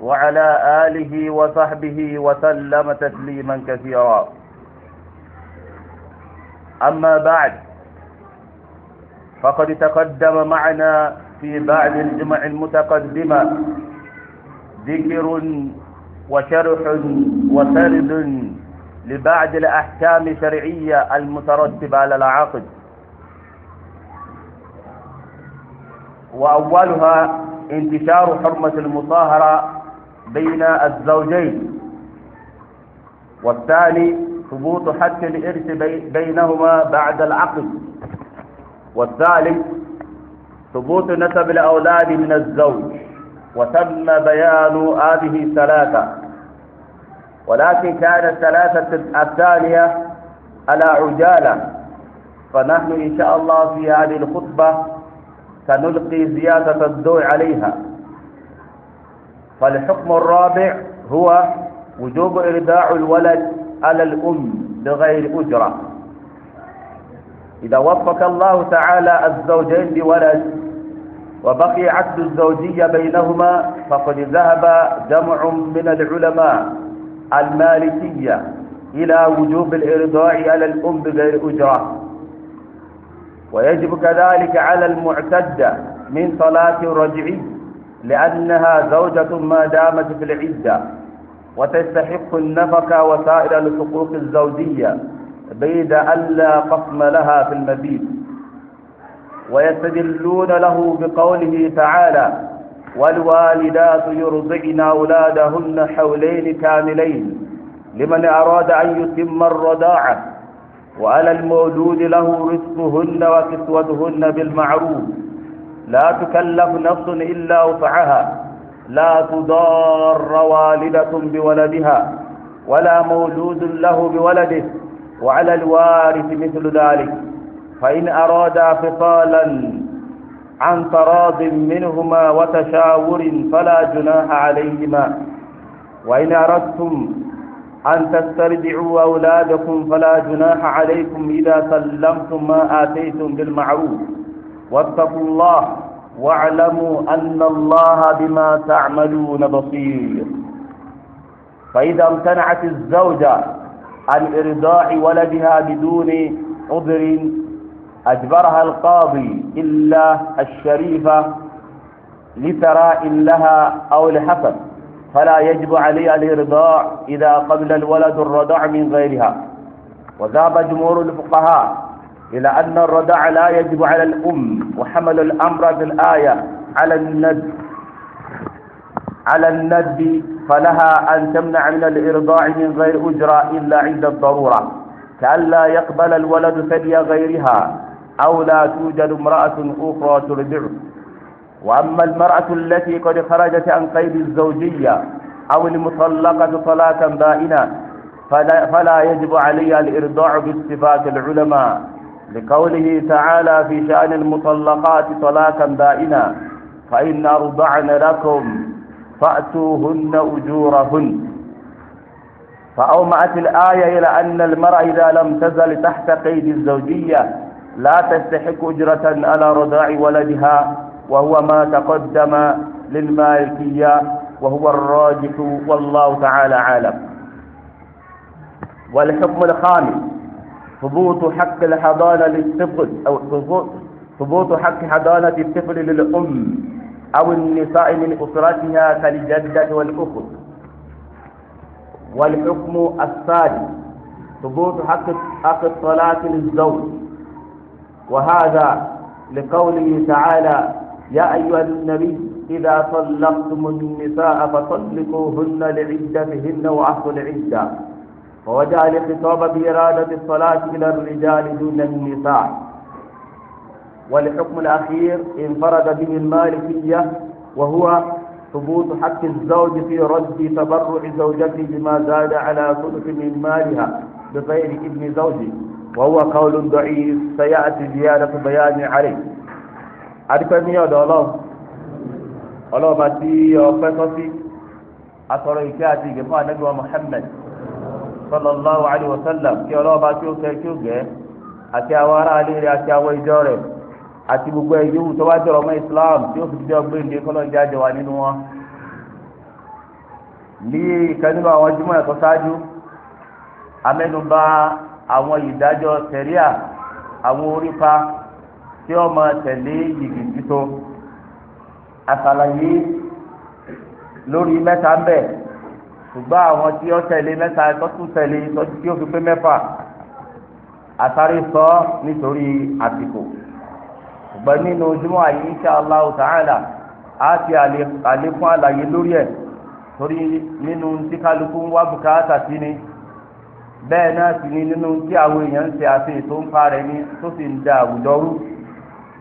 وعلى آله وصحبه وسلم تسليما كثيرا أما بعد فقد تقدم معنا في بعد الجمع المتقدمة ذكر وشرح وسرد لبعض الأحكام الشرعية المترتبة على العقد وأولها انتشار حرمة المصاهرة بين الزوجين والثاني ثبوت حق الإرث بينهما بعد العقد والثالث ثبوت نسب الأولاد من الزوج وتم بيان هذه الثلاثة ولكن كان الثلاثة الثانية على عجالة فنحن إن شاء الله في هذه الخطبة سنلقي زيادة الضوء عليها فالحكم الرابع هو وجوب إرضاع الولد على الأم بغير أجرة إذا وفق الله تعالى الزوجين بولد وبقي عقد الزوجية بينهما فقد ذهب جمع من العلماء المالكية إلى وجوب الإرضاع على الأم بغير أجرة ويجب كذلك على المعتدة من صلاة رجعية لأنها زوجة ما دامت في العدة وتستحق النفقة وسائر الحقوق الزوجية بيد ألا قسم لها في المبيت ويستدلون له بقوله تعالى والوالدات يرضعن أولادهن حولين كاملين لمن أراد أن يتم الرضاعة وعلى المولود له رزقهن وكسوتهن بالمعروف لا تكلف نفس إلا وسعها لا تضار والدة بولدها ولا مولود له بولده وعلى الوارث مثل ذلك فإن أرادا فصالا عن تراض منهما وتشاور فلا جناح عليهما وإن أردتم أن تسترجعوا أولادكم فلا جناح عليكم إذا سلمتم ما آتيتم بالمعروف واتقوا الله واعلموا أن الله بما تعملون بصير فإذا امتنعت الزوجة عن إرضاع ولدها بدون عذر أجبرها القاضي إلا الشريفة لثراء لها أو لحسب فلا يجب عليها الإرضاع إذا قبل الولد الرضع من غيرها وذهب جمهور الفقهاء إلى أن الرضاع لا يجب على الأم وحمل الأمر بالآية على الند على الند فلها أن تمنع من الإرضاع من غير أجرة إلا عند الضرورة كأن لا يقبل الولد ثدي غيرها أو لا توجد امرأة أخرى ترضعه وأما المرأة التي قد خرجت عن قيد الزوجية أو المطلقة صلاة بائنة فلا, فلا يجب عليها الإرضاع باتفاق العلماء لقوله تعالى في شأن المطلقات طلاقا بائنا فإن أرضعن لكم فأتوهن أجورهن فأومأت الآية إلى أن المرأة إذا لم تزل تحت قيد الزوجية لا تستحق أجرة على رضاع ولدها وهو ما تقدم للمالكية وهو الراجح والله تعالى عالم والحكم الخامس ثبوت حق الحضانة للطفل أو ثبوت حق حضانة الطفل للأم أو النساء من أسرتها كالجدة والأخت والحكم السادس ثبوت حق حق الصلاة للزوج وهذا لقوله تعالى يا أيها النبي إذا طلقتم النساء فطلقوهن لعدتهن وأحصوا العدة فوجعل الخطاب بإرادة الصلاة إلى الرجال دون النساء والحكم الأخير انفرد به المالكية وهو ثبوت حق الزوج في رد تبرع زوجته بما زاد على ثلث من مالها بغير ابن زوجه وهو قول ضعيف سيأتي زيادة بيان عليه àdúpẹ́ ní ọ̀dọ̀ ألو ọlọ́run bá tí ọpẹ́ في sí atọ̀rọ̀ محمد sallallahu alaihi wasallam kí ọlọ́ọ̀bá tí ó kẹ́ kí ó gẹ́ àti àwọn ará alẹ́ rẹ̀ àti àwọn ìjọ rẹ̀ àti gbogbo ẹ̀yẹ wù tó wá jọrọ mọ́ Islam tí ó fi jẹ́ ọgbẹ́ǹde kọ́lọ́ọ̀jà jọ wà nínú wọn. ní ìkan nínú àwọn jùmọ̀ ẹ̀kọ́ ṣáájú amẹ́nubà àwọn ìdájọ́ sẹ̀ríà àwọn orípa tí ó máa tẹ̀lé yìgì títò àtàlàyé lórí mẹ́ta ń bẹ ṣùgbọ́n àwọn tí ó tẹ̀lé mẹ́ta tó tún tẹ̀lé tí ó fi pé mẹ́fà àtàrí sọ nítorí àsìkò ṣùgbọ́n nínú ojúmọ́ àyè insha Allah ta'ala á ti àlékún àlàyé lórí ẹ̀ torí nínú tí kálukú ń wá bùkátà sí ni bẹ́ẹ̀ náà sì ni nínú tí àwọn èèyàn ń ṣe ń rẹ̀ tó sì ń da àwùjọ rú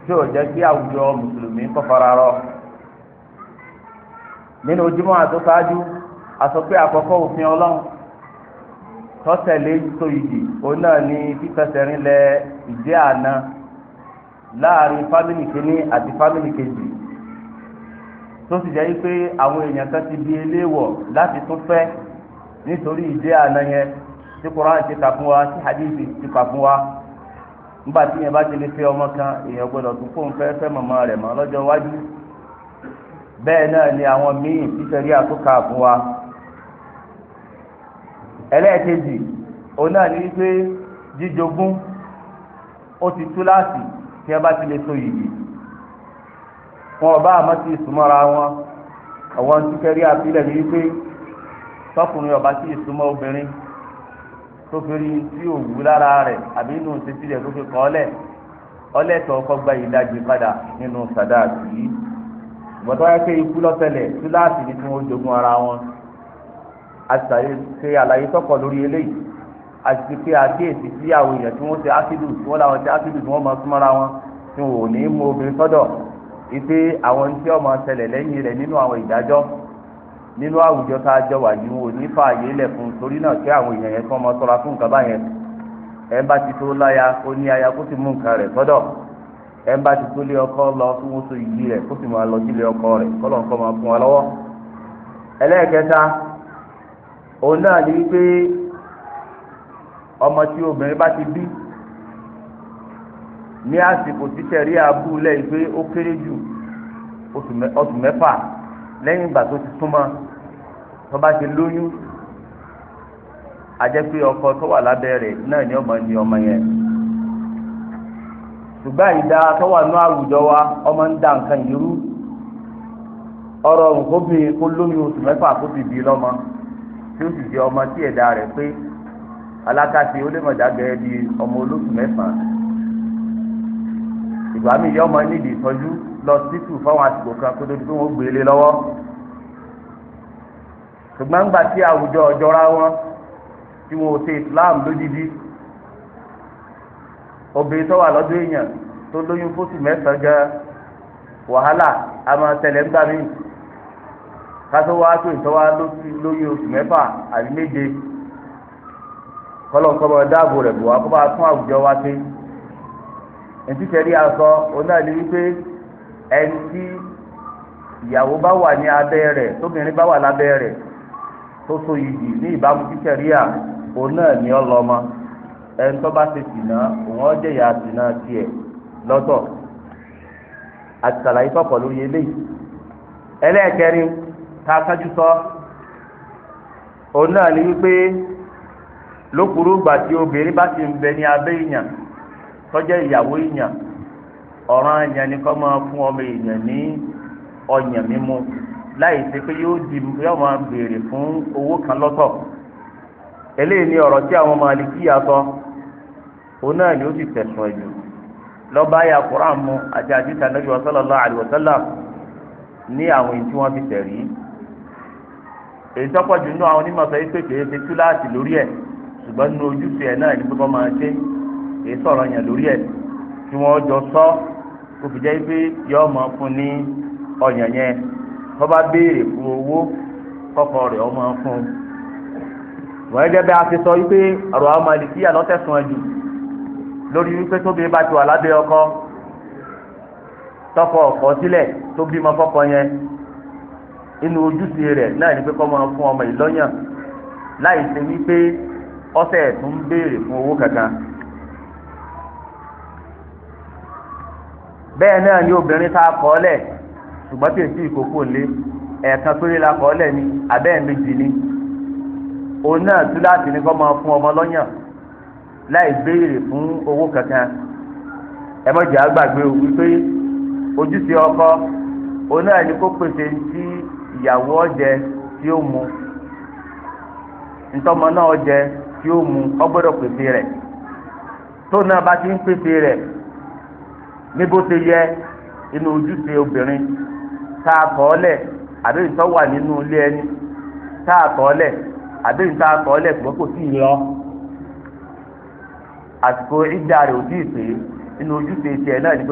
tí ò jẹ́ kí àwùjọ mùsùlùmí kọ́ fara rọ nínú ojúmọ́ àsọpé àkọ́kọ́ òfin ọlọ́run tọ́tẹ̀lé tó yìí òun náà ni fífẹsẹ̀rin lẹ ìdí àná láàrin fámìlì kìíní àti fámìlì kejì tó sì jẹ́ pé àwọn èèyàn kan ti di eléwọ̀ láti tún fẹ́ nítorí ìdí àná yẹn tí koran ti kà fún wa tí hadith ti kà fún wa nígbà tí yẹn bá ti lè fẹ́ ọmọ kan èèyàn gbọ́dọ̀ tún fóun fẹ́ fẹ́ màmá rẹ̀ mọ́ lọ́jọ́ iwájú bẹ́ẹ̀ náà ni àwọn míì tí sẹ́rí àtúkà fún wa ẹlẹ́ẹ̀kejì òun náà ní wípé jíjogún ó ti tú láti tí ẹ bá ti lè so yìí wọn ọba àmọ́ ti súnmọ́ra wọn àwọn tí kẹrí àpilẹ̀ ní wípé tọkùnrin ọba ti súnmọ́ obìnrin tó fi rí tí ò wú lára rẹ̀ àbí inú títí rẹ̀ tó fi kọ́ ọ́lẹ̀ ọlẹ́tọ̀ ọkọ gba ìdajì padà nínú sàdáàtì yìí gbọ́dọ̀ wáyé pé ikú lọ́tẹ̀lẹ̀ tú láti ní tí wọ́n jogún ara wọn. àtàyè ṣe àlàyé tọkọ lórí eléyìí àti pé àkíyèsí sí àwọn èèyàn tí wọ́n ṣe áfídù tí wọ́n láwọn ṣe áfídù tí wọ́n máa súnmọ́ra wọn tí wọn ò ní mú obìnrin sọ́dọ̀ ipe àwọn tí ọmọ nínú àwọn nínú àwùjọ tá a ọmọ sọ́ra fún nǹkan báyẹn ẹ̀ bá ti tó láya ó ní aya kó sì mú nǹkan bá ti tó lé ọkọ lọ lọ sílé ọkọ òun náà ni wípé ọmọ tí obìnrin bá ti bí ní àsìkò tí sẹ̀rí àbúlẹ̀ ìgbé ó kéré jù oṣù mẹ́fà lẹ́yìn ìgbà tó ti súnmọ́ tó bá lóyún ọkọ tó wà lábẹ́ rẹ̀ náà ni ọmọ ni ọmọ yẹn ṣùgbọ́n tó wà ní àwùjọ wa ọmọ ń da nǹkan kó lóyún oṣù kó lọ́mọ. tí ó sì jẹ ọmọ tí ẹ̀dá rẹ̀ pé alákàtì ó lè mọ̀ dágẹ́ di ọmọ olóṣù mẹ́fà ìgbà mi yọ ọmọ nídìí ìtọ́jú lọ títù fáwọn àsìkò kan kó tó di pé wọ́n gbé lé lọ́wọ́ ṣùgbọ́n ńgbà tí àwùjọ ọ̀jọ́ra wọn tí wọn ò ṣe Islam lódìdí obìnrin tó wà lọ́dún èèyàn tó lóyún fóṣù mẹ́sàn-án gan wàhálà àmọ́ tẹ̀lé ń gbà míì. kátó wá tó ìtọ́wá lórí oṣù mẹ́fà àbí méje kọ́lọ́ dáàbò rẹ̀ bò wá kó bá tún àwùjọ wá sí ètí aṣọ onáàlú wípé ẹni tí ìyàwó bá wà ní abẹ́ rẹ̀ tóbìnrin bá wà lábẹ́ rẹ̀ tó so yìí ní ìbámu à ọlọ́mọ tá a ṣáájú sọ òun náà ni wípé lókùrú ìgbà tí obìnrin bá ti ń bẹ ní abẹ́ èèyàn tọ́jẹ́ ìyàwó èèyàn ọ̀ràn èèyàn ni kó máa fún ọmọ èèyàn ní ọyàn mímu láì ṣe pé yóò di yóò máa béèrè fún owó kan lọ́tọ̀ eléyìí ni ọ̀rọ̀ tí àwọn Màlíkíyà sọ òun náà ni ó ti tẹ̀sùn ẹ̀jù lọ́ba ayé Kùránì mu àti àdìsá nàbí sallallahu alaihi wasallam ní àwọn èyí tí wọ́n fi tẹ̀ rí èyí tọ́pọ̀ jù nínú àwọn onímọ̀ sọ yìí pé kèé ṣe kíláàsì lórí ẹ̀ ṣùgbọ́n nínú ojúṣe ẹ̀ náà ní pé kọ́ máa ṣe èyí sọ̀rọ̀ yẹn lórí ẹ̀ kí wọ́n jọ sọ kó fi jẹ́ pé yọ ọmọ fún ní ọ̀yàn yẹn tó bá béèrè fún owó kọ́kọ́ rẹ̀ ọmọ fún un. wọ́n gẹ́gẹ́ bí a ti sọ wípé ọ̀rọ̀ àwọn màlìkíyà lọ́tẹ̀sùn ẹ̀jù lórí wípé tóbi bá ti wà lábẹ́ ọkọ tọkọ ọkọ sílẹ̀ tó bímọ fọkọ yẹn inú ojúṣe rẹ̀ náà ni pé kọ́ máa fún ọmọ ìlọ́yàn láì ṣe wípé ọsẹ ẹ̀tún ń béèrè fún owó kankan. bẹ́ẹ̀ náà ni obìnrin tá a kọ́ lẹ̀ ṣùgbọ́n tí èsì ìkókó lé ẹ̀ẹ̀kan péré la kọ́ lẹ̀ ni abẹ́ẹ̀ méjì ni òun náà tún láti ní kọ́ máa fún ọmọ lọ́yàn láì béèrè fún owó kankan ẹ mọ̀jà gbàgbé o wípé ojúṣe ọkọ òun náà ni kó pèsè ti ìyàwó ọ̀jẹ̀ tí ó mu ntọ́mọ náà ọ̀jẹ̀ tí ó mu ọgbọ́dọ̀ pèsè rẹ̀ tó náà bá ti ń pèsè rẹ̀ ní yẹ inú ojúṣe obìnrin tá a kọ́ lẹ̀ àbí ìtọ́ wà nínú ilé ẹni tá a kọ́ lẹ̀ àbí ìtọ́ a kọ́ ṣùgbọ́n kò sí lọ àsìkò ìdá rẹ̀ ò tí ì pè é inú ojúṣe tiẹ̀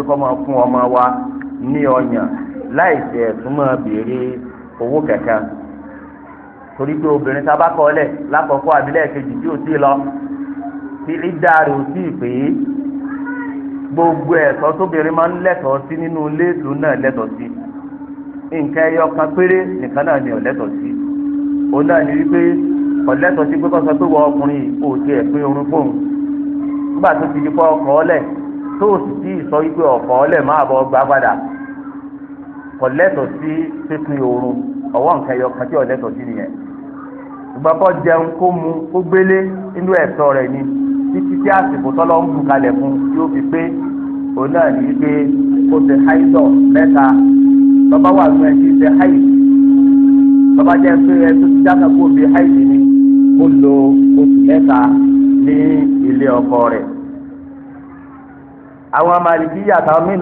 ọmọ wa ní ọyàn láì ṣe ẹ̀sùn máa owó kẹ̀kẹ́ torí pé obìnrin tá a bá kọ́ lẹ̀ lákọ̀ọ́kọ́ àbílẹ̀ kejì tí ò tí ì lọ tí ìdá rẹ̀ ò tí ì pè é gbogbo ẹ̀tọ́ tóbìnrin máa ń lẹ́tọ̀ọ́ sí nínú ilé lòun náà lẹ́tọ̀ọ́ sí nǹkan ẹyọ kan péré nìkan náà ni ò lẹ́tọ̀ọ́ sí òun náà ni wípé kò lẹ́tọ̀ọ́ sí pé kó sọ pé wọ ọkùnrin ò tiẹ̀ pé orun fóun nígbà tó ti di kọ́ ọkọ̀ ọ́lẹ̀ tó o sì ti sọ wípé ọkọ̀ ọ́lẹ̀ máa bọ̀ gbá padà kò lẹ́tọ̀ọ́ sí pípín oorun ọwọ́ nǹkan ẹyọ kan tí ò lẹ́tọ̀ọ́ sí nìyẹn ṣùgbọ́n kó jẹun kó mu kó gbélé nínú ẹ̀tọ́ rẹ̀ ni títí tí àsìkò tọ́lọ́ ń bù kalẹ̀ fún yóò fi pé òun náà ní pé kó ṣe háìdọ̀ mẹ́ta lọ́ba wà fún ẹ tí ṣe háìdì lọ́ba jẹ́ pé ẹ tó ti dáka kó bí háìdì ni kó lo oṣù mẹ́ta ní ilé ọkọ rẹ̀ àwọn màlìkí yàtọ̀ mí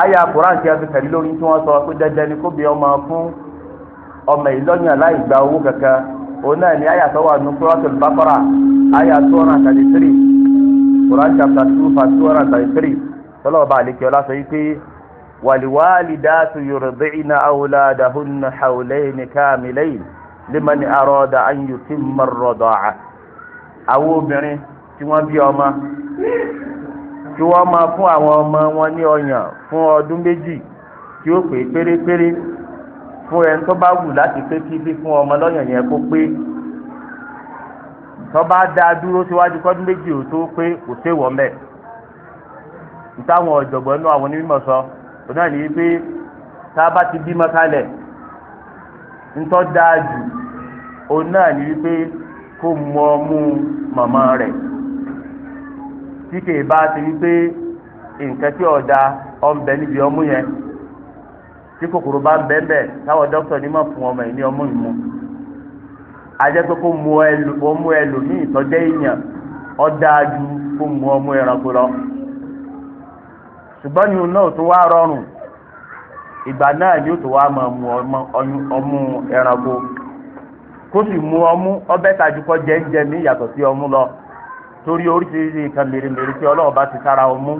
àyà Kùránì tí a fi kẹ̀lé lórí tí wọ́n sọ pé dandan ni kó bí ọmọ fún ọmọ ìlọ́yìn láì gba owó kankan òun náà ni àyà tó wà nù Suratul Baqara àyà two hundred and thirty three Kùránì chapter two verse two hundred and thirty three tọ́lọ́ọ̀bá àlekè ọlá sọ yìí pé wàlíwálìdáàtú yurdi'na awladahunna hawlayni kamilayn liman arada an yutimma ar-rida'a àwọn obìnrin tí wọ́n bí ọmọ kí wọ́n máa fún àwọn ọmọ wọn ní ọyàn fún ọdún méjì tí ó pé pérépéré fún ẹni tó bá wù láti pé kí fífún ọmọ lọ́yàn yẹn kó pé tó bá dá dúró síwájú kọ́dún méjì ò tó pé kò séwọ̀ mẹ́ ìtàwọn ọ̀jọ̀gbọ́n náà àwọn onímọ̀ sọ òun náà nìyí pé tá a bá ti bímọ kalẹ̀ ńtọ́ dáa jù òun náà nìyí pé kó mu ọmú màmá rẹ̀. tike kì bá ti rí pé nǹkan tí ọ̀dà ọ̀nbẹ níbi ọmú yẹn tí kòkòrò bá ń bẹ́ẹ̀ bẹ́ẹ̀ táwọn dókítà ní mọ̀ fún ọmọ yìí ní ọmú yìí mu ajẹ́ pé kó mu ọmú ẹlòmíì tọ́jẹ́ èèyàn ọ̀dáàjú kó mu ọmú ẹranko lọ ṣùgbọ́n ní ọ̀nà tó wá rọrùn ìgbà náà ni ó wá máa mu ọmú ẹranko kó sì mu ọmú ọbẹ̀ kọ́ yàtọ̀ torí oríṣiríṣi nǹkan mèremère tí ọlọ́run bá ti sára ọmú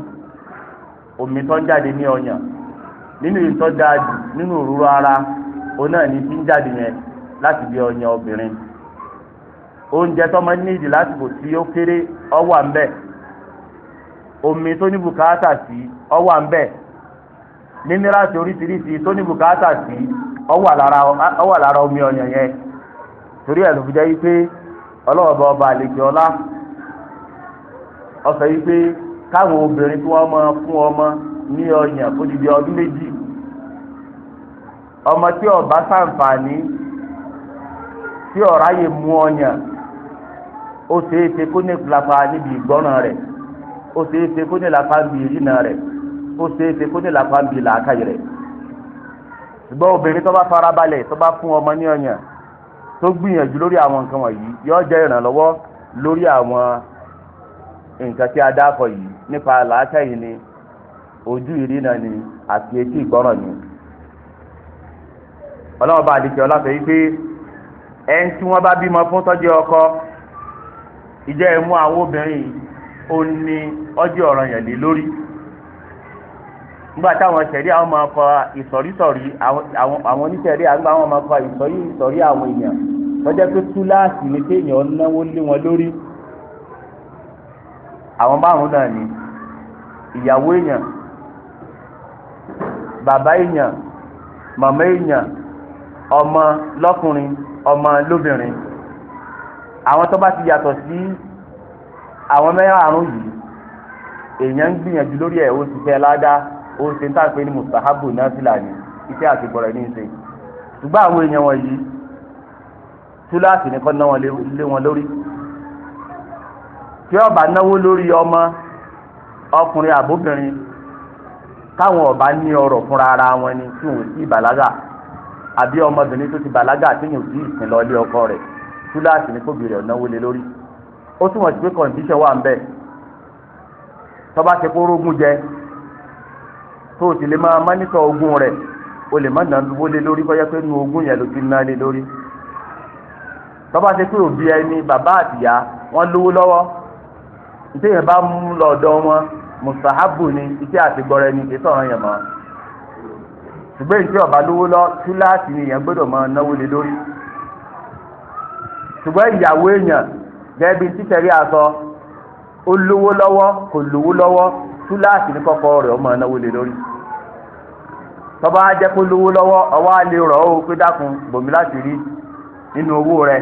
omi tó ń jáde ní ọyàn nínú ìtọ́ nínú òróró ara òun náà ní ti ń jáde yẹn láti bí ọyàn obìnrin oúnjẹ tọmọ nídìí lásìkò tí ó kéré ọwà ń bẹ omi tó ní bùkátà sí ọwà ń bẹ mínírààtì oríṣiríṣi tó ní bùkátà sí ọwà lára omi ọyàn yẹn torí ẹ̀ ọba àlejò ọsọ yìí pé káwọn obìnrin tí wọ́n máa fún ọmọ ní ọyàn fódìdí ọdún méjì ọmọ tí ó bá ṣàǹfààní tí ó ráyè mú ọyàn ó ṣe é ṣe kó ní ìlàpá níbi ìgbọ́ràn rẹ̀ ó ṣe é ṣe kó ní ìlàpá níbi ìrìnà rẹ̀ ó ṣe é ṣe kó ní ìlàpá níbi làákàyè rẹ̀ ṣùgbọ́n obìnrin tó bá farabalẹ̀ tó bá fún ọmọ ní ọyàn tó gbìyànjú lórí àwọn nǹkan wọ̀nyí yóò jẹ́ ìrànlọ́wọ́ lórí àwọn nǹkan tí a yi yìí nípa làákà yìí ni ojú ìrìnà ni àti etí etu ni ọlọ́run bá àdìsẹ́ ọlọ́fẹ́ yìí pé ẹni tí wọ́n bá bímọ fún tọ́jú ọkọ ìjẹ́ ẹ̀mú àwọn obìnrin ò ní ọjọ́ ọ̀ràn yẹn lé lórí nígbà táwọn sẹ̀rí àwọn máa kọ àwọn oníṣẹ̀rí àgbà wọn máa kọ ìsọ̀rí ìsọ̀rí àwọn èèyàn lọ́jọ́ náwó lé wọn lórí àwọn márùn náà ni ìyàwó èèyàn bàbá èèyàn màmá èèyàn ọmọ lọ́kùnrin ọmọ lóbìnrin àwọn tó bá ti yàtọ̀ sí àwọn mẹ́rààrún yìí èèyàn ń gbìyànjú lórí ẹ̀ ó ti fẹ́ ládá ó ṣe ń tà pé ní mustahabu nafila ni iṣẹ́ àti bọ̀rẹ̀ ní í ṣe ṣùgbọ́n àwọn èèyàn wọ̀nyí túláàsì nìkan náà lé wọn lórí tí ọba náwó lórí ọmọ ọkùnrin àbóbìnrin táwọn ọba ní ọrọ̀ fúnra ara wọn ni tí òun sí ìbàlágà àbí ọmọbìnrin tó ti bàlágà tí yóò sí ìsìn lọ ọkọ rẹ̀ túláàsì lórí ó túmọ̀ sí pé wà ń bẹ̀ tọ́ba ti kó rógún jẹ tó o rẹ̀ o lè má nà lórí pé nu ogún yẹn ló ti ná lé lórí tọ́ba ti òbí ẹni bàbá iṣẹ́ yẹn bá mú lọ́dọ̀ wọn mustahabu ni iṣẹ́ àti ni kì í yẹn mọ́ ṣùgbọ́n iṣẹ́ ọ̀bá lówó lọ túláàsì ni èèyàn gbọ́dọ̀ máa náwó lé lórí ṣùgbọ́n ìyàwó èèyàn gẹ́gẹ́ títẹ̀rí ó lówó lọ́wọ́ kò lówó lọ́wọ́ kọ́kọ́ rẹ̀ náwó lé lórí tọ́ba á jẹ́ kó lówó lọ́wọ́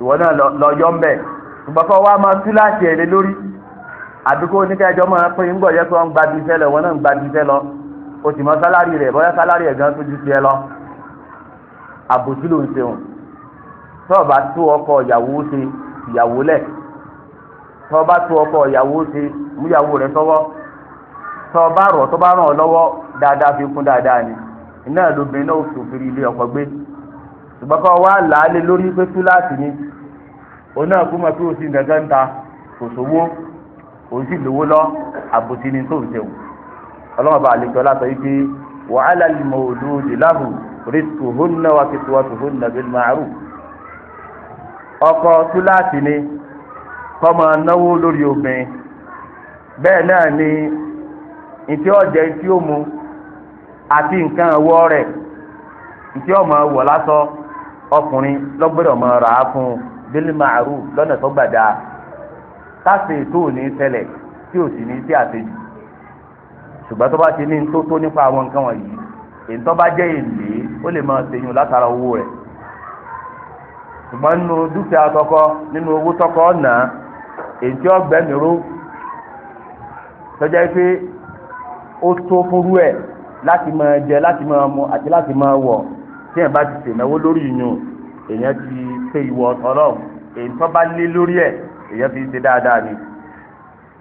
ìwọ náà lọ́yọ́ ń bẹ̀ ṣùgbọ́n kọ́ wa máa tú láti èrè lórí àdúgbò oníkẹ́jọ́ máa pín in gbọ̀jẹ́ tó ń gba bíṣẹ́ lọ ìwọ náà ń gba bíṣẹ́ lọ o sì mọ sálárì rẹ̀ bọ́yá sálárì ẹ̀ gan tó ju tiẹ̀ lọ àbòsí ló ń ṣeun tọ́ọ̀bá tú ọkọ ìyàwó ṣe ìyàwó lẹ̀ tọ́ọ̀bá tú ọkọ ìyàwó ṣe múyàwó rẹ̀ sọ́wọ́ tọ́ọ̀bá rọ̀ tọ́ọ̀bá ràn ọ́ lọ́wọ́ dáadáa fi kún dáadáa ni iná lóbìnrin náà ò sòfin ilé ọkọ gbé ṣùgbọ́n kọ́ wá làálẹ̀ lórí pé túláàsì ni òun náà kú mọ̀ pé o sì ń gẹ́gẹ́ ń ta kò sówó o sì lówó lọ àbòsí ni tó ń ṣẹ̀wò ọlọ́mọba àlejò aláṣọ yìí pé wàhálà lìmọ̀ òdòdó láhù rizquhunna wa kiswatuhunna bil ma'ruf ọkọ túláàsì ni kọ́ náwó lórí obìnrin bẹ́ẹ̀ náà ni ntí ọ̀jẹ̀ ntí ó àti nǹkan ẹ̀wọ́ rẹ̀ ntí ó wọ̀ lásọ ọkùnrin lọ́gbọ́dọ̀ máa rà á fún un bílí màrú lọ́nà tó gbàdá káṣe tó ní ṣẹlẹ̀ tí ò sì ní sí àṣejù ṣùgbọ́n tó bá ti ní tó tó nípa àwọn nǹkan wọ̀nyí èyí tó bá jẹ́ èlé ó lè máa ṣèyún látara owó rẹ̀ ṣùgbọ́n nínú dúkìá tọkọ nínú owó tọkọ ọ̀nà èyí tí ọgbẹ́ni ró tọ́jà pé ó tó fúrú ẹ̀ láti máa jẹ láti máa mu àti láti máa wọ̀ tí èèyàn bá ti ṣènáwó lórí ìyún èèyàn ti ṣe ìwọ ọlọ́run èyí tó bá lé lórí ẹ̀ èèyàn fi ṣe dáadáa ni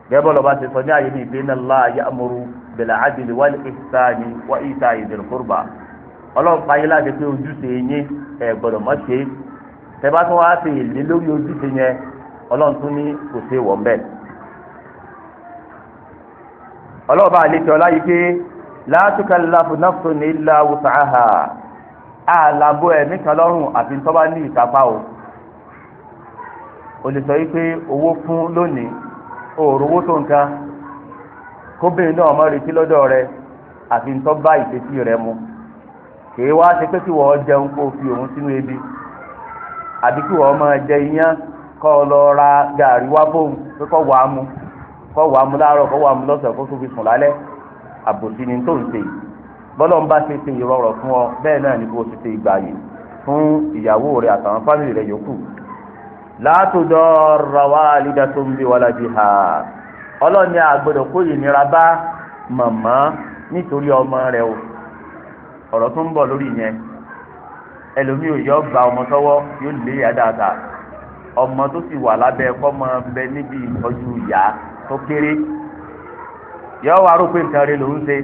gẹ́gẹ́ lọ́ba ṣe sọ ní àyè ní ìpínlẹ̀ Allah ya'muru bil adli wal ihsani wa ita'i dhil qurba ọlọ́run pa yín láti pé ojúṣe yín ẹ̀ gbọ́dọ̀ mọ́ ṣe tẹ́ bá tún wá ṣe èlé lórí ojúṣe yẹn ọlọ́run tún ní kò ṣe wọ̀ ń bẹ́ẹ̀ àlejò ọláyíké la tukallafu nafsun àlàbò ẹ̀mí kan lọ́rùn àfi tó bá ní ìkápá o o lè sọ wípé owó fún lónìí òòrùn owó tó nǹkan kóbìnrin náà mọ retí lọ́dọ̀ rẹ àfi tó bá ìfésì rẹ mu kèé wá ṣe pé kí wọ́n jẹun kó o fi òun sínú ebi àbí kí wọ́n máa jẹ iyán kọ́ ọ lọ ra gàrí wá fóun pé kọ́ wàá mu kọ́ wàá mu láàárọ̀ kọ́ wàá mu lọ́sàn kó tó fi sùn lálẹ́ àbòsí ni tó ń ṣe yìí bọ́lọ̀ ń bá ṣe ṣe ìrọ̀rọ̀ fún ọ bẹ́ẹ̀ náà ni kò ṣe ṣe ìgbàyè fún ìyàwó rẹ àtàwọn fámìlì rẹ yòókù látòjọ rọwà àlídà tó ń bí wàlá bí ha ọlọ́ni àgbọ̀dọ̀ kó ìnira bá màmá nítorí ọmọ rẹ o ọ̀rọ̀ tó ń bọ̀ lórí yẹn ẹlòmíì òye ọba ọmọ sọ́wọ́ yóò lé ìyá dáadáa ọmọ tó sì wà lábẹ́ ẹ̀kọ́ bẹ níbi ìtọ́jú ìyá tó kéré yọ wá rò pé nǹkan rẹ lòún ṣe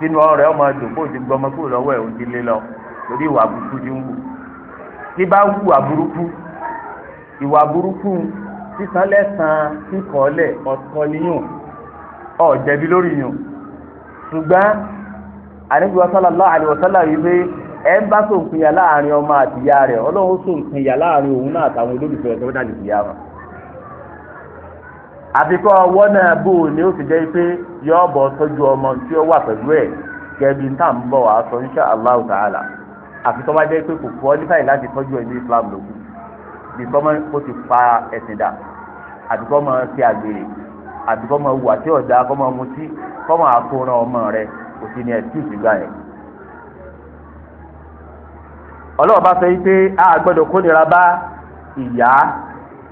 sínú ọ̀rẹ́ ọmọ àdògbò ti gbọmọ kúrò lọ́wọ́ ẹ̀ òdi lé lọ lórí ìwà burúkú ti ń wù tí bá wù wà burúkú ìwà burúkú sísan lẹ́sàn kíkọ́lẹ̀ ọ̀tọ̀ níyùn ọ̀jẹ̀bi lórí yùn ṣùgbọ́n àníbi wasala lọ àlè wasala yìí pé ẹ ń bá sòǹpìyà láàrin ọmọ àtìyá rẹ̀ ọlọ́run sòǹpìyà láàrin òun náà àtàwọn olólùfẹ́ rẹ̀ tó dájú ìyá wọn àfikọ́ ọwọ́ náà bò ní ó fi jẹ́ pé yọ ọ̀bọ̀ tọ́jú ọmọ tí ó wà pẹ̀lú ẹ̀ gẹ̀ẹ́bí tá à ń bọ̀ wá sọ insha Allah ta'ala àfikọ́ bá jẹ́ pé kò fọ́ nífàyè láti tọ́jú ẹ̀ ní Islam lòkù bìkọ́ mọ́ ó ti fa ẹ̀sìn dà àfikọ́ mọ́ ti àgbèrè àfikọ́ mọ́ wù àti ọ̀dà kọ́ mọ́ mutí kọ́ mọ́ àkóràn ọmọ rẹ kò sí ní ẹ̀sìn gbà yẹn. ọlọ́wọ́ bá sọ yí pé a gbọ́dọ̀ kónira bá ìyá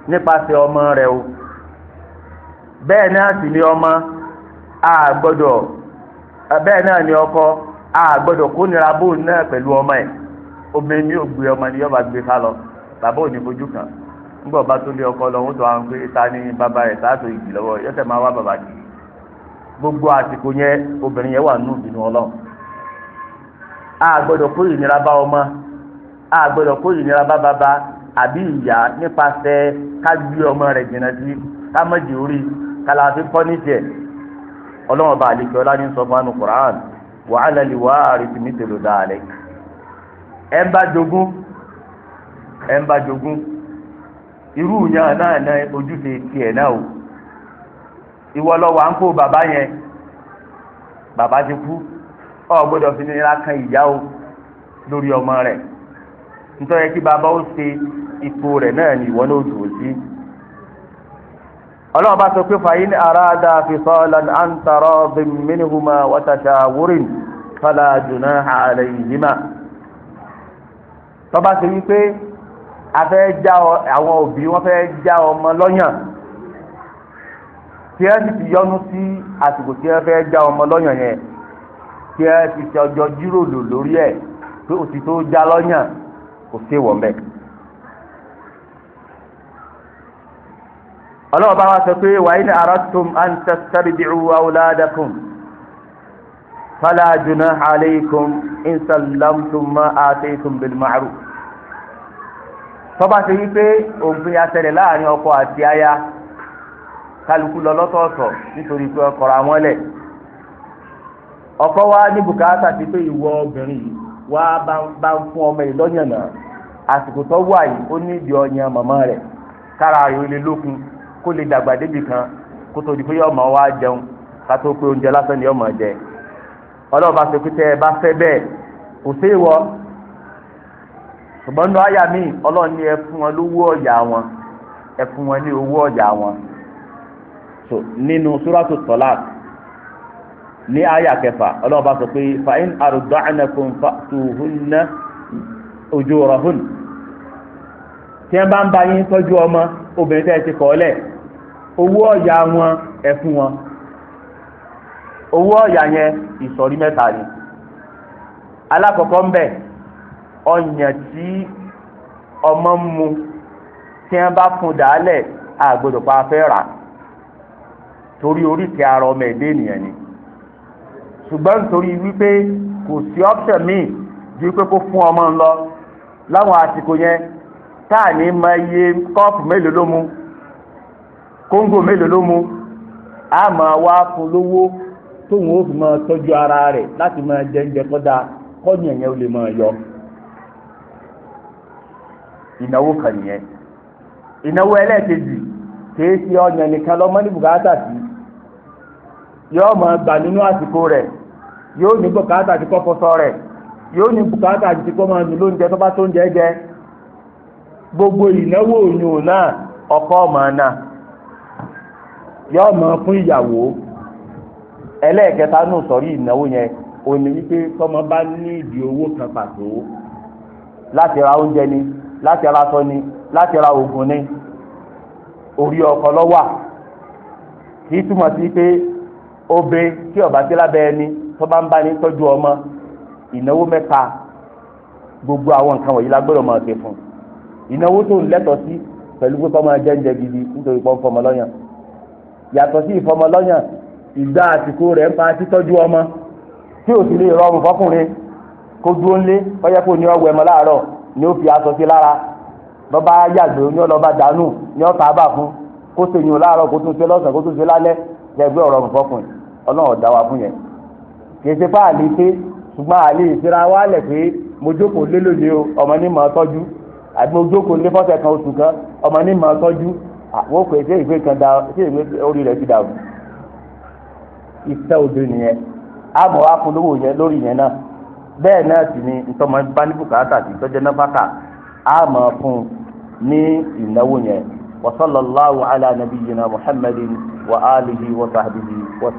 nípasẹ̀ ọmọ rẹ o. bẹ́ẹ̀ ni a gbọ́dọ̀ bẹ́ẹ̀ náà ni ọkọ a gbọ́dọ̀ kó nira bóun náà pẹ̀lú ọmọ ẹ̀ obìnrin ni gbé ọmọ ni yọba gbé ká lọ bàbá ò ní fojú kan nígbà bá tó lé ọkọ lọ wọn tó àwọn pé ta ni bàbá rẹ̀ sáàtò ìjì yọtẹ máa wá bàbá gbogbo àsìkò yẹn obìnrin yẹn wà nù bínú a kó ìnira bá ọmọ kàlàfi pọ́nìtì ẹ̀ ọlọ́wọ́n bá àlekè ọlá ní sọfọ́nù Qur'an wàhálà lè wá àrètí mi tèlò dáàlẹ́ ẹ̀ ń bá jogún ẹ̀ ń bá jogún irú yàn náà náà ojúṣe tiẹ̀ náà o ìwọ lọ́wọ́ à ń kó bàbá ti kú ọ gbọ́dọ̀ fi nira kan ìyá o lórí ọmọ rẹ̀ nítorí kí bàbá ó ṣe ipò rẹ̀ náà ni ìwọ náà dùn sí ọlọ́run bá sọ pé fàyín aráàdá fisalan an taradin minhuma wa tashawurin fala junaha alayhima tọ́ba ṣe wípé afẹ́ já àwọn òbí wọ́n fẹ́ já ọmọ lọ́yàn tí ẹ sì ti yọnu sí àsìkò tí ẹ fẹ́ já ọmọ lọ́yàn yẹn tí ẹ sì ti ọjọ́ jíròrò lórí ẹ̀ pé òtítọ́ já lọ́yàn kò sí bẹ́ẹ̀. ọlọ́wọ́ bá wa sọ pé wa in aradtum an tastardi'u awladakum fala junaha alaykum in sallamtum ma ataytum bil ma'ruf tọ́ba ṣe wípé òfin àṣẹlẹ̀ láàrin ọkọ àti aya kálukú lọ lọ́tọ̀ọ̀tọ̀ nítorí pé ọkọ ra wọn lẹ̀ ọkọ wa ní bùkátà ti pé ìwọ obìnrin yìí bá ń fún ọmọ ìlọ́yàn náà àsìkò tó wà yìí ó ní ìdí ọyàn màmá rẹ̀ kára rẹ̀ ó lókun kó lè dàgbà débi kan kó tó di pé yọọ wá jẹun ká tó pé oúnjẹ lásán ni ọmọ jẹ ọlọ́ọ̀bá bá fẹ́ bẹ́ẹ̀ kò sí ìwọ ṣùgbọ́n àyà mi ní ẹ wọn lówó ọ̀yà wọn wọn ní owó ọ̀yà wọn so nínú súrátù ní àyà kẹfà ọlọ́ọ̀bá sọ pé tí bá owó ọ̀yà wọn ẹ fún wọn owó ọ̀yà yẹn ìsọ̀rí mẹ́ta ni alákọ̀ọ́kọ́ ń bẹ̀ ọ̀yàn tí ọmọ ń mu tí wọ́n bá fún dàálẹ̀ àgbọ́dọ̀ pa afẹ́ rà torí oríkèé ara ọmọ ẹ̀dẹ́ ènìyàn ni ṣùgbọ́n nítorí wípé kò sí option míì ju pé kó fún ọmọ ń lọ láwọn àsìkò yẹn táà ní mọ iye kọ́ọ̀pù mélòó ló mu congo mélòó ló mu a máa wá fún lówó tóun ó fi máa ara rẹ̀ láti máa jẹ oúnjẹ kọ́dà lè máa yọ ìnáwó kan ìnáwó ẹlẹ́ẹ̀kejì kìí ṣe ọ̀yàn nìkan lọ́mọ ní bùkátà sí yóò máa gbà nínú àsìkò rẹ̀ yóò ní bùkátà ti kọ́ fọṣọ rẹ̀ yóò ní bùkátà ti kọ́ máa nù lóúnjẹ tó bá tó gbogbo ìnáwó òyìn náà máa yóò mọ fún ìyàwó ẹlẹ́ẹ̀kẹta nù sọ̀rí ìnáwó yẹn òní wípé tọmọ bá ní ìdí owó kan pàtó láti ra oúnjẹ ni láti ra aṣọ ni láti ra oògùn ni orí ọkọ lọ́wà kì í túmọ̀ sí pé obe tí ọba tí lábẹ́ ẹni tó bá ń bá ní tọ́jú ọmọ ìnáwó mẹ́ta gbogbo àwọn nǹkan wọ̀nyí la gbọ́dọ̀ máa ṣe fún ìnáwó tó ń lẹ́tọ̀ọ́ sí pẹ̀lú pé kọ́ máa jẹ́ ń jẹ gidi nítorí pọ́ńpọ́n ọmọ yàtọ̀ sí ìfọmọlọ́yàn ìgbà àsìkò rẹ̀ ń pa títọ́jú ọmọ tí ò sì lè rọrùn fọkùnrin kó dúró ńlé kọ́jẹ́ kó ní ọwọ́ ẹ̀mọ́ láàárọ̀ ni ó fi aṣọ sí lára bọ́bá yàgbé ní ọlọ́ba dànù ní ọ̀tá àbà fún kó ṣe yùn láàárọ̀ kó tún ṣe lọ́sàn kó tún ṣe lálẹ́ jẹ́gbẹ́ ọ̀rọ̀ fọkùnrin ọlọ́run ọ̀dá wa fún yẹn àwọn ah, kò ṣe ìwé kan da ṣe ìwé orí rẹ̀ ti dàrú iṣẹ́ òde nìyẹn àmọ́ afúnlówó yẹn lórí yẹn náà bẹ́ẹ̀ náà sì ni ntọ́mọ bá sí tọ́jẹ́ àmọ́ fún ní ìnáwó yẹn ala nabiyyina muhammadin wa alihi wa sahbihi wa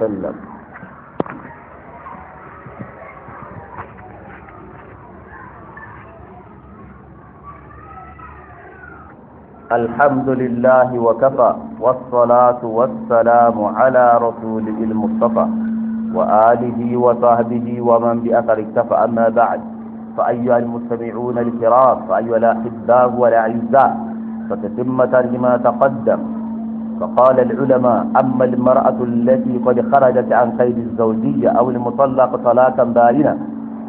الحمد لله وكفى والصلاة والسلام على رسوله المصطفى وآله وصحبه ومن بأثر اكتفى أما بعد فأيها المستمعون الكرام فأيها الأحباء والأعزاء فتتمة لما تقدم فقال العلماء أما المرأة التي قد خرجت عن قيد الزوجية أو المطلق طلاقا بارنا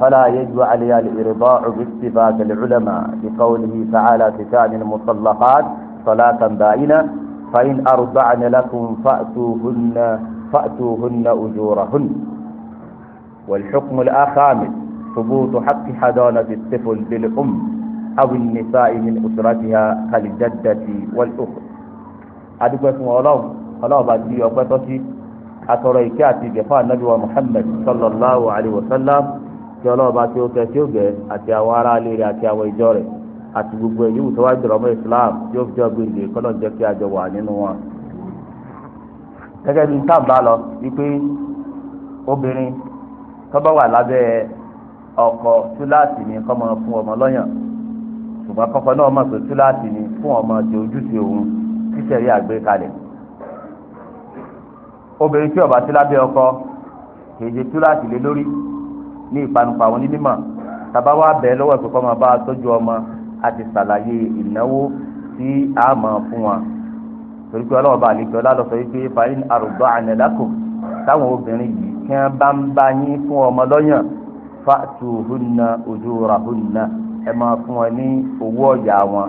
فلا يجب عليها الإرضاع باتفاق العلماء بقوله تعالى في شأن المطلقات صلاة بائنة فإن أرضعن لكم فأتوهن فأتوهن أجورهن والحكم الآخامل ثبوت حق حضانة الطفل بالأم أو النساء من أسرتها كالجدة والأخت أدوكم اسم الله الله بأتي أبطتي أتريكاتي جفان نبي محمد صلى الله عليه وسلم àti ọlọ́ọ̀bá tí ó kẹ tí ó gẹ̀ àti àwọn ará àti àwọn ìjọ rẹ̀ àti gbogbo èyí wù tó Islam tí ó fi jọ gbèdè kọ́nà jẹ́ kí a jọ wà nínú wọn. gẹ́gẹ́ bí lọ wípé ọkọ ni ọmọ lọ́yàn ṣùgbọ́n kọ́kọ́ náà mọ̀ pé ni fún ọmọ ti ojúṣe òun tíṣẹ̀rí àgbékalẹ̀ obìnrin ọkọ kì í ṣe ní ìpanupọ̀ àwọn onímọ̀ tàbá wá bẹ̀ẹ́ lọ́wọ́ ìpè kọ́ máa bá a tọ́jú ọmọ àti ṣàlàyé ìnáwó tí a máa fún wa torí pé ọlọ́wọ́ àlejò ọlá lọ sọ wípé fain arúgbó ànẹ́lákò táwọn obìnrin yìí kí wọ́n bá ń bá yín fún ọmọ lọ́yàn fàtú hunna ojú ra hunna ẹ máa fún wọn ní owó ọ̀yà wọn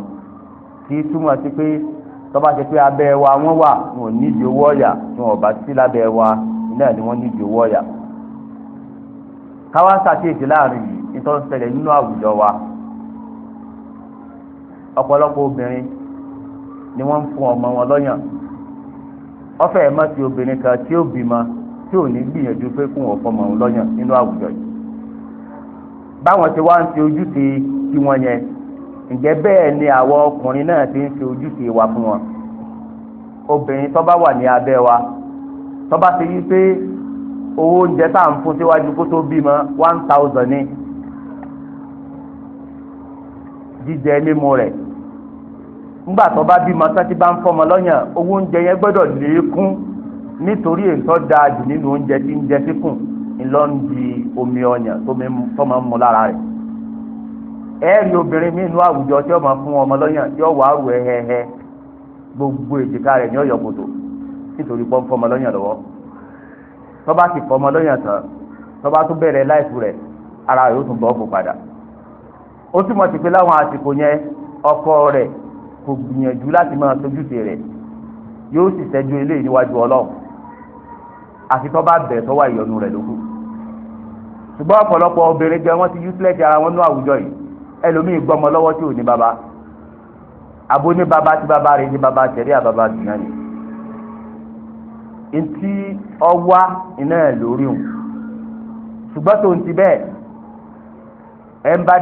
kí túmọ̀ sí pé tọ́ba ṣe pé abẹ́ wa wọ́n wà wọn ò nídìí owó ọ̀yà tí wọn ò bá sí lábẹ́ wa náà ni wọ́n nídìí owó ọ̀yà káwá ṣàkíyèsí láàrin yìí nítorí ṣẹlẹ̀ nínú àwùjọ wa ọ̀pọ̀lọpọ̀ obìnrin ni wọ́n ń fún ọmọ wọn lọ́yàn ọ̀fẹ́ ẹ̀ má ti obìnrin kan tí ó bímọ tí ò ní gbìyànjú pé kún òun fọmọ òun lọ́yàn nínú àwùjọ yìí báwọn ti wá ń ṣe ojúṣe tí wọ́n yẹn ǹjẹ́ bẹ́ẹ̀ ni àwọn ọkùnrin náà ti ń ṣe ojúṣe wa fún wọn obìnrin tó bá wà ní abẹ́ wa tó bá ti yí pé owó oúnjẹ tá à ń fún síwájú kó tó bímọ one thousand ní jíjẹ mímu rẹ̀ ńgbà tó bá bímọ tán tí bá ń fọmọ lọ́yàn owó oúnjẹ yẹn gbọ́dọ̀ lékún nítorí ètò dáa jù nínú oúnjẹ tí ń jẹ síkùn ńlọ́ndì omi ọyàn tọmọ máa ń mu lára rẹ̀ ẹ̀ẹ́rì obìnrin mi inú àwùjọ tí ó máa fún ọmọ lọ́yàn yóò wá rò ẹ̀hẹ̀hẹ̀ gbogbo èjìká rẹ̀ ní ọ̀yọ̀kòtò nítorí pọ́ńpọ́n ọmọ lọ́yàn lọ́wọ́. tó bá ti fọmọ lọ́yàn tán tó bá tún bẹ̀rẹ̀ láìpù rẹ̀ ara rẹ̀ ó tún bọ́ fún padà ó túmọ̀ sí pé láwọn àsìkò yẹn ọkọ rẹ̀ kò gbìyànjú láti máa sojúṣe rẹ̀ yóò sì ṣẹ́jú eléyìí níwájú ọlọ́run àfi tó bá bẹ̀ tó wà ìyọnu rẹ̀ lókù ṣùgbọ́n ọ̀pọ̀lọpọ̀ obìnrin gan wọ́n ti useless ara wọn ní àwùjọ yìí ẹlòmíì gbọ́mọ lọ́wọ́ tí ò ní baba abó ní baba tí baba rẹ̀ ní baba tẹ̀lé àbaba tìǹyà ni ntí ọwá iná ẹ̀ lórí òun ṣùgbọ́n tó ń ti bẹ́ẹ̀ ẹ ń bá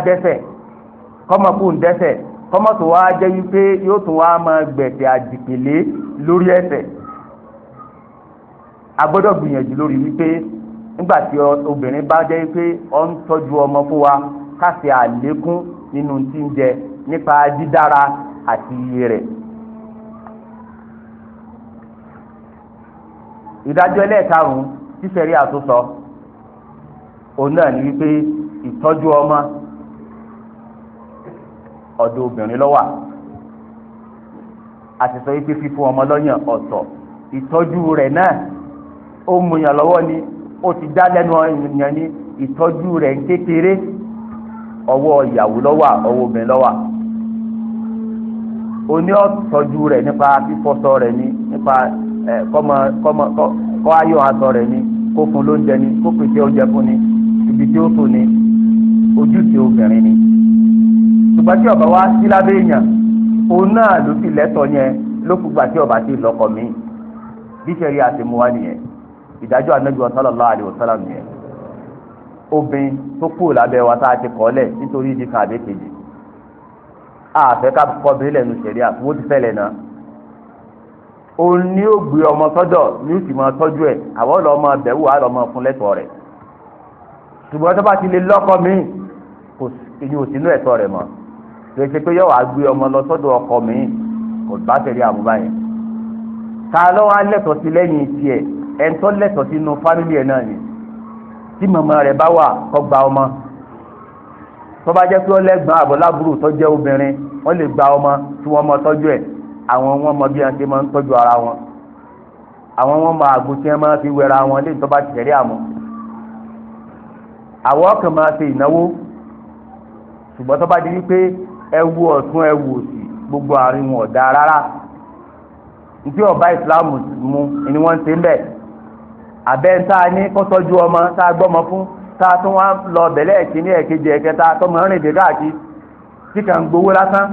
ń wa jẹ́ wípé yóò tún wá máa gbẹ̀sẹ̀ àdìpèlé lórí ẹ̀ṣẹ̀ a gbọ́dọ̀ gbìyànjú lórí wípé nígbà tí obìnrin bá jẹ́ wa ká ṣe àlékún nínú tí ń jẹ nípa ìdájọ́ ẹlẹ́ẹ̀karùn-ún tíṣẹ̀rí àtúntọ́ òun náà ní wípé ìtọ́jú ọmọ ọ̀dọ̀ obìnrin ló wà àti sọ wípé fífún ọmọ lọ́yàn ọ̀tọ̀ ìtọ́jú rẹ̀ náà ó mú yàn lọ́wọ́ ni ó ti dá lẹ́nu ọ̀yàn ni ìtọ́jú rẹ̀ ń kékeré ọwọ́ ìyàwó ló wà ọwọ́ obìnrin ló wà oní ọ̀tọ́jú rẹ̀ nípa fífọṣọ rẹ̀ ni nípa ẹ kọ́mọ kọ́mọ kọ́ ayọ̀ aṣọ rẹ̀ ni kó fún lóúnjẹ ni kó pèsè oúnjẹ fún ni ibi tí ó tó ni ojúṣe obìnrin ni ṣùgbọ́n tí ọba wa sí lábẹ́ èèyàn òun náà ló sì lẹ́tọ̀ yẹn ló fúgbà tí ọba ti lọ́kọ mi bí sẹ́rí àtìmúwá nìyẹn ìdájọ́ Ànábì sallallahu alaihi wasallam nìyẹn obìnrin tó kù lábẹ́ wa tá a ti kọ́lẹ̀ nítorí ìdí kan àbẹ́kejì àfẹ́ ká kọ́ bí lẹ́nu sẹ́rí àfọwọ́ ti fẹ́lẹ̀ náà òun ni ó gbé ọmọ sọ́dọ̀ ni ó sì máa tọ́jú ẹ̀ àwọn ọ̀lọ́ ọmọ bẹ̀wò àlọ́ ọmọ fún lẹ́tọ̀ọ́ rẹ̀ ṣùgbọ́n tó bá ti lè lọ́kọ mi kò ìyún ò sínú ẹ̀tọ́ rẹ̀ mọ́ pèsè pé yọ̀wá gbé ọmọ lọ sọ́dọ̀ ọkọ mi kò bá tẹ̀lé àmúbá yẹn ta ló wá lẹ́tọ̀ọ́ sí lẹ́yìn tiẹ̀ ẹ̀ńtọ́ lẹ́tọ̀ọ́ sínú fámìlì ẹ̀ náà ni tí màmá rẹ̀ bá wà kó gba ọmọ tó bá jẹ́ pé ó lẹ́gbọ̀n àbọ̀lábùrù tó jẹ́ obìnrin wọ́n lè gba ọmọ tí wọ́n mọ tọ́jú ẹ̀ àwọn wọn mọ bí wọn ṣe máa ń tọ́jú ara wọn àwọn wọn mọ àgbo tí wọn máa fi wẹra wọn lè tọ́ bá ti tẹ̀lé àmọ́ àwọn ọkàn máa ṣe ìnáwó ṣùgbọ́n tó bá di wípé ẹwu ọ̀tún ẹwu òsì gbogbo àárín wọn ọ̀dà rárá ntí ọba Islam mu ni wọ́n ṣe ń bẹ̀ abẹ́ ń tá a ní kó tọ́jú ọmọ tá a gbọ́mọ fún tá a tún wá lọ bẹ̀lẹ́ ẹ̀kíní ẹ̀kejì ẹ̀kẹta tọmọ rìn dé káàkiri tí kàn gbowó lásán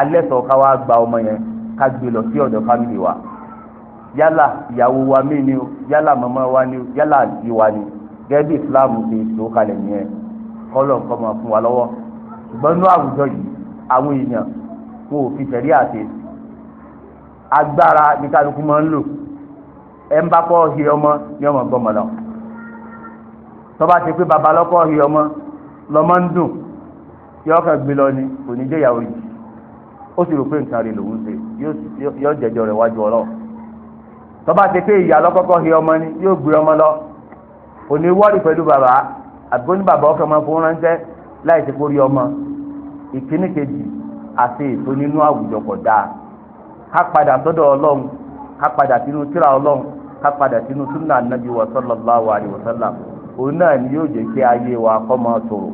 alẹ́ sọ ká wá gba ọmọ yẹn ká gbé lọ sí ọ̀dọ̀ fámìlì wa yálà ìyàwó wa mí ni o yálà màmá wa ni o yálà àti wa ni gẹ́gẹ́ bí Islam ṣe tó kalẹ̀ nìyẹn kọ́lọ̀ nǹkan máa fún wa lọ́wọ́ ṣùgbọ́n ní àwùjọ yìí àwọn èèyàn wọn ò fi tẹ̀lé àti agbára ní kálukú máa ń lò ẹ ń bá kọ́ ọ̀hìn ọmọ ní ọmọ gbọ́mọ lọ tọ́ba ti pé babalọ́kọ́ ọ̀hìn ọmọ lọ́mọ ń dùn yọ ọkàn gbé lọ ni kò ní jẹ́ ìyàwó yìí ó sì rò pé nǹkan rẹ̀ lòún ṣe yóò jẹjọ rẹ̀ wájú ọlọ́run tọ́ba ṣe pé ìyá lọ́kọ́kọ́ hi ọmọ ni yóò gbé ọmọ lọ òní wọ́ọ̀lì pẹ̀lú bàbá àbúrò ní bàbá ọkọ̀ ọmọ fún ránṣẹ́ láì ṣe kórí ọmọ ìkíní kejì àti ètò nínú àwùjọ kọ̀ dáa ká padà sọ́dọ̀ ọlọ́run ká padà sínú tírà ọlọ́run ká padà sínú súnà nàbí wa sallallahu alaihi wa sallam òun náà ni yóò jẹ́ kí ayé wa kọ́ máa tòrò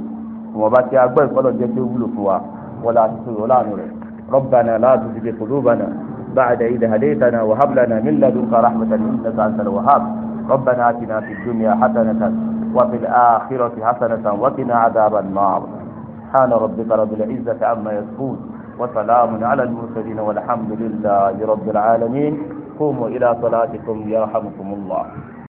ìwọ̀nba tí a gbọ́ ìkọ́lọ̀ jẹ́ pé wúlò fún wa wọ́n la sọ̀rọ̀ láàánú rẹ̀. ربنا لا تزغ قلوبنا بعد إذ هديتنا وهب لنا من لدنك رحمة إنك أنت الوهاب ربنا آتنا في الدنيا حسنة وفي الآخرة حسنة وقنا عذاب النار سبحان ربك رب العزة عما يصفون وسلام على المرسلين والحمد لله رب العالمين قوموا إلى صلاتكم يرحمكم الله